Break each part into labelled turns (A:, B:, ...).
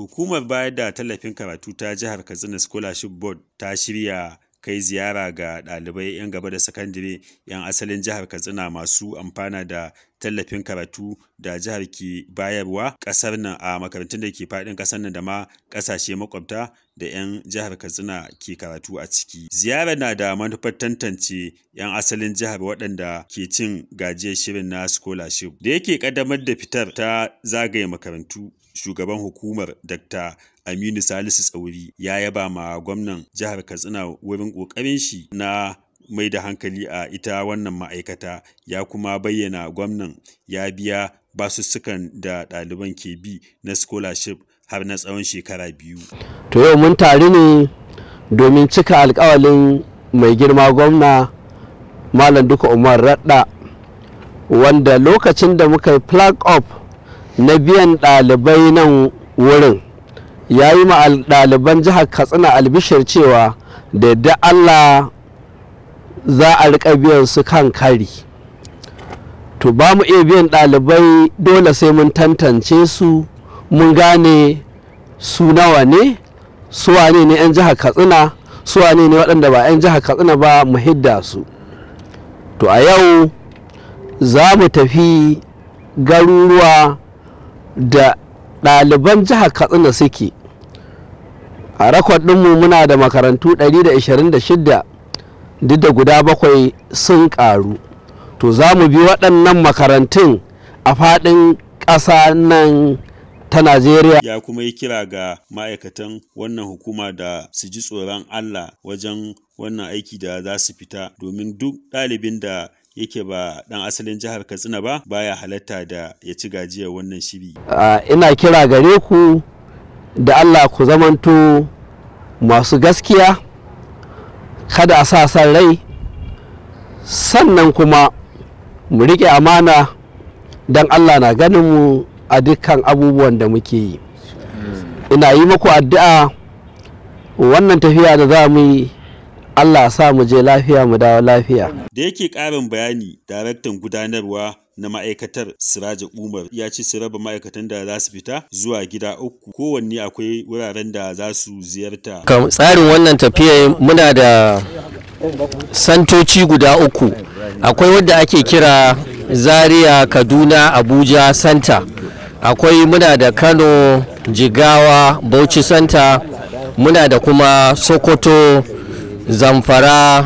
A: Hukumar bayar da tallafin karatu ta Jihar Katsina Scholarship Board ta shirya kai ziyara ga ɗalibai 'yan gaba da sakandire 'yan asalin Jihar Katsina masu amfana da tallafin karatu da jihar ke bayarwa ƙasar nan a makarantun da ke faɗin ƙasar nan da ma ƙasashe makwabta da 'yan jihar Katsina ke karatu a ciki. Ziyara na da manufar tantance 'yan asalin jihar waɗanda ke cin gajiyar shirin na scholarship. Da yake ƙaddamar da fitar ta zagaye makarantu, shugaban hukumar Dr. Aminu Salisu Tsauri ya yaba ma gwamnan jihar Katsina wurin ƙoƙarin shi na mai da hankali a ita wannan ma'aikata ya kuma bayyana gwamnan ya biya basussukan da ɗaliban ke bi na scholarship har na tsawon shekara biyu.
B: To yau mun taru ne domin cika alkawalin mai girma gwamna Malam Duka Umar Radda wanda lokacin da muka yi flag up na biyan ɗalibai nan wurin ya yi ma ɗaliban jihar Katsina albishir cewa da yadda Allah za a rika biyan su kan kari. To ba mu iya biyan ɗalibai dole sai mun tantance su. mun gane su nawa ne su wane ne 'yan jihar katsina su wane ne waɗanda ba 'yan jihar katsina ba mu hidda su to a yau za mu tafi garuruwa da ɗaliban jihar katsina suke a rakwadinmu muna da makarantu 126 duk da guda bakwai sun ƙaru to za mu bi waɗannan makarantun a faɗin ƙasa nan ta Najeriya.
A: Ya kuma yi kira ga ma'aikatan wannan hukuma da su ji tsoron Allah wajen wannan aiki da za su fita domin duk ɗalibin da yake ba ɗan asalin jihar Katsina ba baya halatta da ya ci gajiyar wannan shiri.
B: ina kira gare ku da Allah ku zamanto masu gaskiya kada a sa san rai sannan kuma mu riƙe amana don Allah na ganin mu a dukkan abubuwan da muke yi ina yi muku addu'a wannan tafiya da za mu yi Allah sa mu je lafiya mu dawo lafiya.
A: Da yake ƙarin bayani, daraktan gudanarwa na ma'aikatar Siraja Umar ya ce su raba ma'aikatan da za su fita zuwa gida uku kowanne akwai wuraren da za su ziyarta.
C: tsarin wannan tafiya muna da santoci guda uku. Akwai wadda ake kira Zaria, Kaduna, Abuja, Center." akwai muna da kano jigawa bauchi santa muna da kuma sokoto zamfara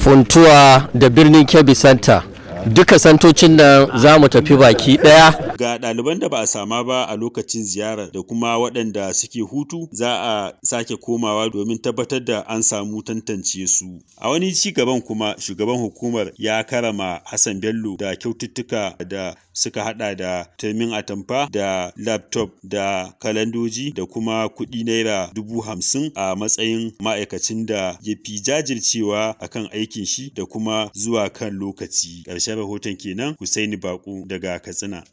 C: funtuwa da birnin kebbi santa duka santocin nan za mu tafi baki daya
A: Ga ɗaliban da ba a sama ba a lokacin ziyara da kuma waɗanda suke hutu za a sake komawa domin tabbatar da an samu tantance su. A wani ci gaban kuma shugaban hukumar ya karama Hassan Bello da kyaututtuka da suka hada da turmin atamfa da laptop da kalandoji da kuma kuɗi naira dubu hamsin a matsayin ma'aikacin da ya fi jajircewa akan aikin shi da kuma zuwa kan lokaci. Ƙarshen rahoton kenan Husaini Bako daga Katsina.